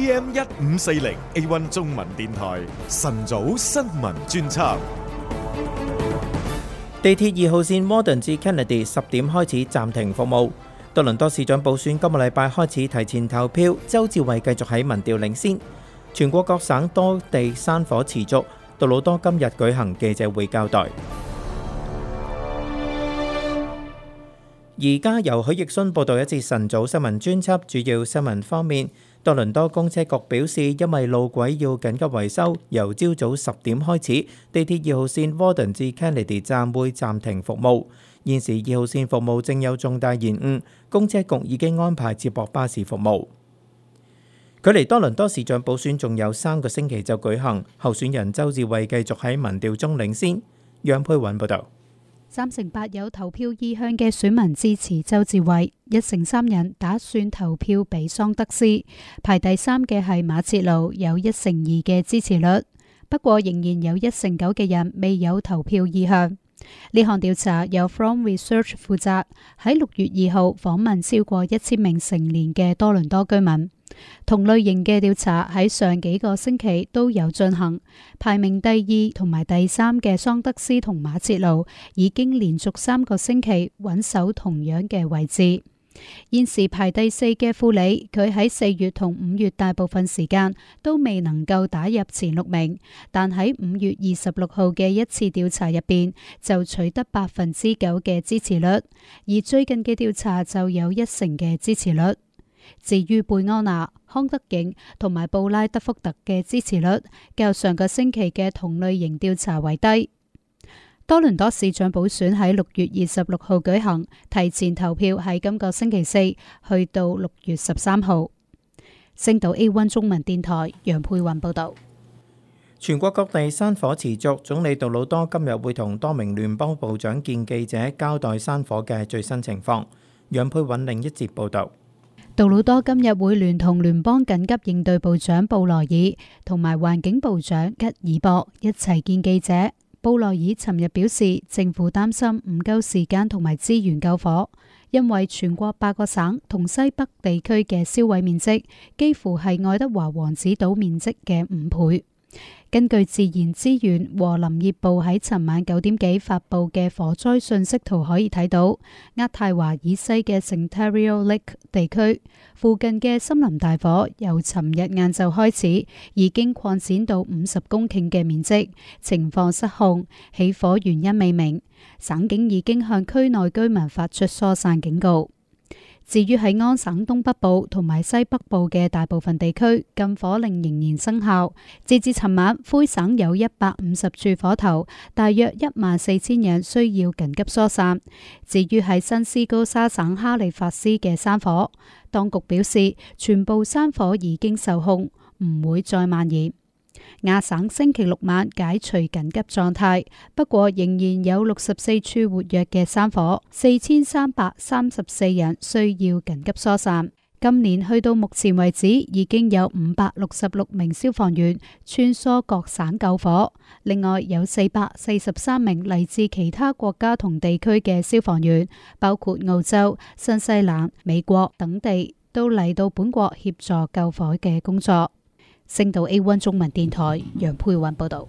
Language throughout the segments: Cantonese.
T.M. 一五四零 A One 中文電台晨早新聞專輯：地鐵二號線 Modern 至 Kennedy 十點開始暫停服務。多倫多市長補選今個禮拜開始提前投票，周志偉繼續喺民調領先。全國各省多地山火持續，杜魯多今日舉行記者會交代。而家由許奕迅報道一節晨早新聞專輯，主要新聞方面。多倫多公車局表示，因為路軌要緊急維修，由朝早十點開始，地鐵二號線 Warden 至 Kennedy 站會暫停服務。現時二號線服務正有重大延誤，公車局已經安排接駁巴士服務。距離多倫多市長補選仲有三個星期就舉行，候選人鄒至蕙繼續喺民調中領先。楊佩雲報道。三成八有投票意向嘅選民支持周志偉，一成三人打算投票俾桑德斯，排第三嘅係馬切魯，有一成二嘅支持率。不過仍然有一成九嘅人未有投票意向。呢項調查由 From Research 負責，喺六月二號訪問超過一千名成年嘅多倫多居民。同類型嘅調查喺上幾個星期都有進行，排名第二同埋第三嘅桑德斯同馬切魯已經連續三個星期穩守同樣嘅位置。現時排第四嘅庫里，佢喺四月同五月大部分時間都未能夠打入前六名，但喺五月二十六號嘅一次調查入邊就取得百分之九嘅支持率，而最近嘅調查就有一成嘅支持率。至於貝安娜、康德景同埋布拉德福特嘅支持率，較上個星期嘅同類型調查為低。多倫多市長補選喺六月二十六號舉行，提前投票喺今個星期四去到六月十三號。星島 A1 中文電台楊佩雲報道。全國各地山火持續，總理杜魯多今日會同多名聯邦部長見記者交代山火嘅最新情況。楊佩雲另一節報道。杜魯多今日會聯同聯邦緊急應對部長布萊爾同埋環境部長吉爾博一齊見記者。布萊爾尋日表示，政府擔心唔夠時間同埋資源救火，因為全國八個省同西北地區嘅燒毀面積幾乎係愛德華王子島面積嘅五倍。根據自然資源和林業部喺尋晚九點幾發佈嘅火災信息圖可以睇到，渥太華以西嘅 Centennial Lake 地區附近嘅森林大火由尋日晏晝開始，已經擴展到五十公頃嘅面積，情況失控，起火原因未明。省警已經向區內居民發出疏散警告。至於喺安省東北部同埋西北部嘅大部分地區，禁火令仍然生效。截至尋晚，魁省有一百五十處火頭，大約一萬四千人需要緊急疏散。至於喺新斯高沙省哈利法斯嘅山火，當局表示全部山火已經受控，唔會再蔓延。亞省星期六晚解除緊急狀態，不過仍然有六十四處活躍嘅山火，四千三百三十四人需要緊急疏散。今年去到目前為止，已經有五百六十六名消防員穿梭各省救火，另外有四百四十三名嚟自其他國家同地區嘅消防員，包括澳洲、新西蘭、美國等地，都嚟到本國協助救火嘅工作。星島 A1 中文電台楊佩雲報道：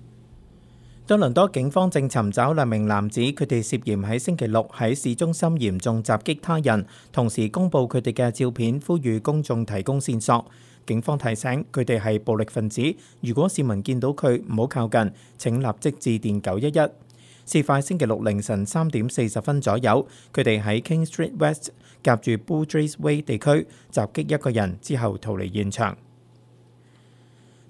多倫多警方正尋找兩名男子，佢哋涉嫌喺星期六喺市中心嚴重襲擊他人，同時公佈佢哋嘅照片，呼籲公眾提供線索。警方提醒佢哋係暴力分子，如果市民見到佢唔好靠近，請立即致電九一一。事發星期六凌晨三點四十分左右，佢哋喺 King Street West 夾住 Blue Jays Way 地區襲擊一個人之後逃離現場。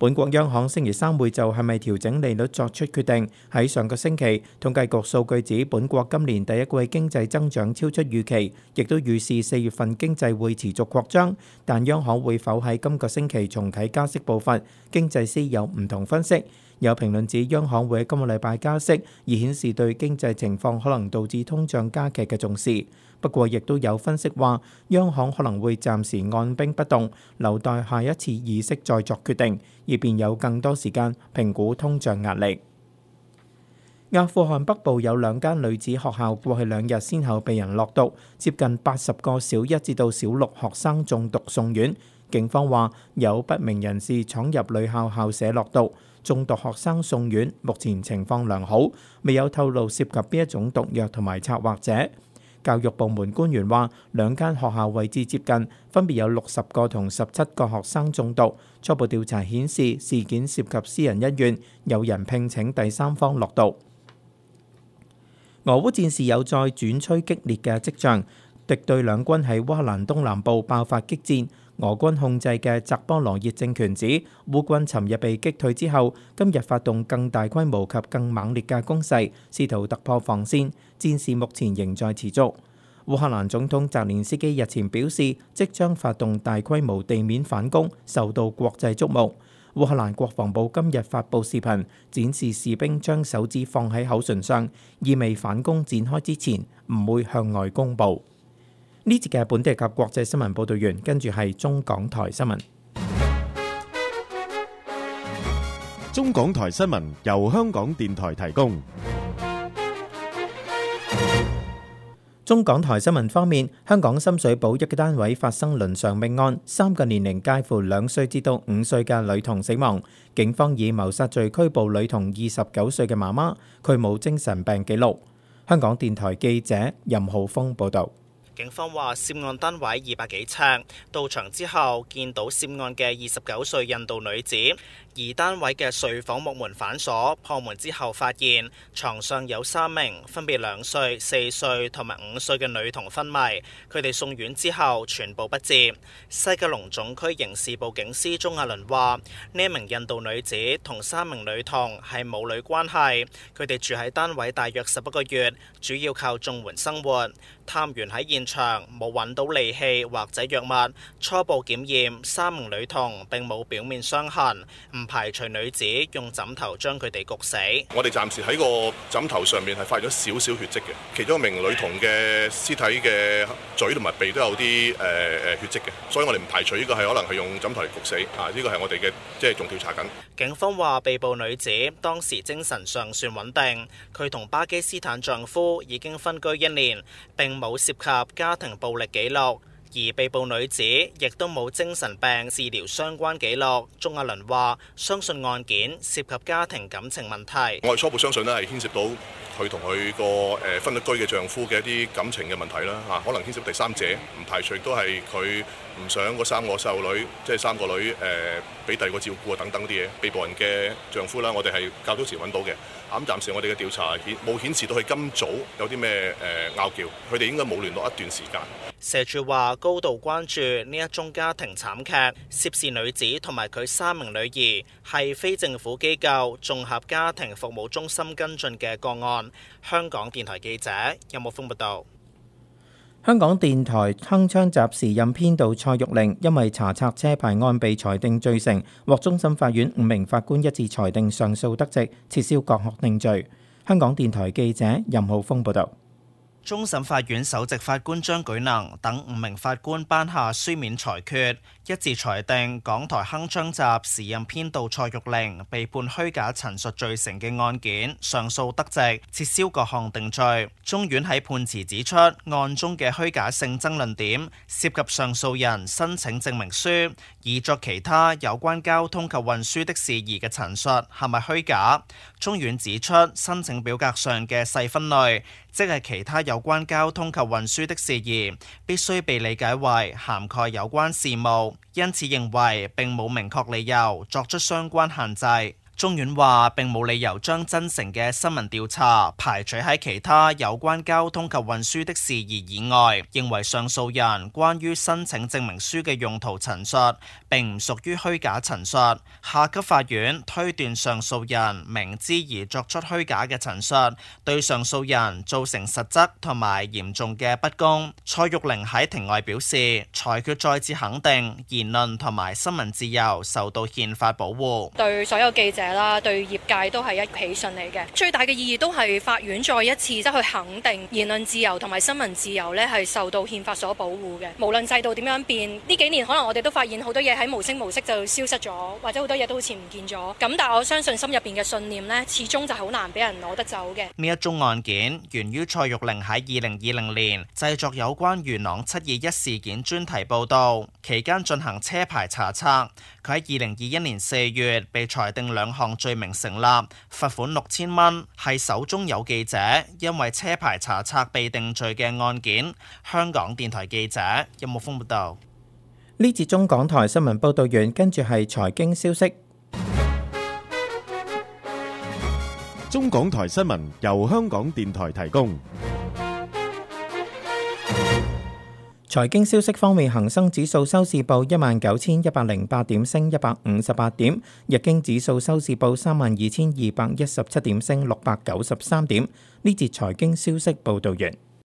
本國央行星期三會就係咪調整利率作出決定。喺上個星期統計局數據指，本國今年第一季經濟增長超出預期，亦都預示四月份經濟會持續擴張，但央行會否喺今個星期重啟加息步伐？經濟師有唔同分析，有評論指央行會喺今個禮拜加息，而顯示對經濟情況可能導致通脹加劇嘅重視。不過，亦都有分析話，央行可能會暫時按兵不動，留待下一次議息再作決定，以便有更多時間評估通脹壓力。阿富汗北部有兩間女子學校，過去兩日先後被人落毒，接近八十個小一至到小六學生中毒送院。警方話有不明人士闖入女校校舍落毒，中毒學生送院，目前情況良好，未有透露涉及邊一種毒藥同埋策劃者。教育部門官員話，兩間學校位置接近，分別有六十個同十七個學生中毒。初步調查顯示，事件涉及私人恩怨，有人聘請第三方落毒。俄烏戰事有再轉趨激烈嘅跡象，敵對兩軍喺烏克蘭東南部爆發激戰。俄軍控制嘅扎波羅熱政權指烏軍尋日被擊退之後，今日發動更大規模及更猛烈嘅攻勢，試圖突破防線。戰事目前仍在持續。烏克蘭總統澤連斯基日前表示，即將發動大規模地面反攻，受到國際矚目。烏克蘭國防部今日發布視頻，展示士兵將手指放喺口唇上，意味反攻展開之前唔會向外公佈。呢節嘅本地及國際新聞報道員，跟住係中港台新聞。中港台新聞由香港電台提供。中港台新聞方面，香港深水埗一個單位發生倫常命案，三個年齡介乎兩歲至到五歲嘅女童死亡。警方以謀殺罪拘捕女童二十九歲嘅媽媽，佢冇精神病記錄。香港電台記者任浩峰報道。警方話涉案單位二百幾尺，到場之後見到涉案嘅二十九歲印度女子，而單位嘅睡房木門反鎖，破門之後發現床上有三名分別兩歲、四歲同埋五歲嘅女童昏迷，佢哋送院之後全部不治。西九龍總區刑事部警司鍾亞倫話：呢一名印度女子同三名女童係母女關係，佢哋住喺單位大約十一個月，主要靠綜援生活。探員喺現長冇揾到利器或者藥物，初步檢驗三名女童並冇表面傷痕，唔排除女子用枕頭將佢哋焗死。我哋暫時喺個枕頭上面係發現咗少少血跡嘅，其中一名女童嘅屍體嘅嘴同埋鼻都有啲誒誒血跡嘅，所以我哋唔排除呢個係可能係用枕頭嚟焗死啊。呢個係我哋嘅即係仲調查緊。警方話被捕女子當時精神尚算穩定，佢同巴基斯坦丈夫已經分居一年，並冇涉及。家庭暴力記錄，而被捕女子亦都冇精神病治療相關記錄。鍾亞倫話：相信案件涉及家庭感情問題。我哋初步相信呢係牽涉到佢同佢個誒分居嘅丈夫嘅一啲感情嘅問題啦嚇，可能牽涉第三者，唔排除都係佢。唔想個三個細路女，即係三個女誒，俾第二個照顧啊，等等啲嘢。被捕人嘅丈夫啦，我哋係較早時揾到嘅。咁、啊、暫時我哋嘅調查顯冇顯示到佢今早有啲咩誒拗撬，佢哋應該冇聯絡一段時間。社署話高度關注呢一宗家庭慘劇，涉事女子同埋佢三名女兒係非政府機構綜合家庭服務中心跟進嘅個案。香港電台記者任木風報道。香港電台鏗鏘集時任編導蔡玉玲，因為查冊車牌案被裁定罪成，獲終審法院五名法官一致裁定上訴得直，撤銷各項定罪。香港電台記者任浩峰報道。終審法院首席法官張舉能等五名法官頒下書面裁決。一致裁定，港台鏗鏘集時任編導蔡玉玲被判虛假陳述罪成嘅案件上訴得直，撤銷各項定罪。中院喺判詞指出，案中嘅虛假性爭論點涉及上訴人申請證明書以作其他有關交通及運輸的事宜嘅陳述係咪虛假？中院指出，申請表格上嘅細分類，即係其他有關交通及運輸的事宜，必須被理解為涵蓋有關事務。因此認為並冇明確理由作出相關限制。中院話並冇理由將真誠嘅新聞調查排除喺其他有關交通及運輸的事宜以外，認為上訴人關於申請證明書嘅用途陳述並唔屬於虛假陳述。下級法院推斷上訴人明知而作出虛假嘅陳述，對上訴人造成實質同埋嚴重嘅不公。蔡玉玲喺庭外表示，裁決再次肯定言論同埋新聞自由受到憲法保護，對所有記者。啦，對業界都係一喜訊嚟嘅，最大嘅意義都係法院再一次得、就係、去肯定言論自由同埋新聞自由呢係受到憲法所保護嘅，無論制度點樣變，呢幾年可能我哋都發現好多嘢喺無聲無息就消失咗，或者好多嘢都好似唔見咗。咁但係我相信心入邊嘅信念呢，始終就好難俾人攞得走嘅。呢一宗案件源於蔡玉玲喺二零二零年製作有關元朗七二一事件專題報導期間進行車牌查冊，佢喺二零二一年四月被裁定兩項罪名成立，罰款六千蚊，係首宗有記者，因為車牌查冊被定罪嘅案件。香港電台記者任木峰報道。呢節中港台新聞報道完，跟住係財經消息。中港台新聞由香港電台提供。財經消息方面，恆生指數收市報一萬九千一百零八點，升一百五十八點；日經指數收市報三萬二千二百一十七點，升六百九十三點。呢節財經消息報道完。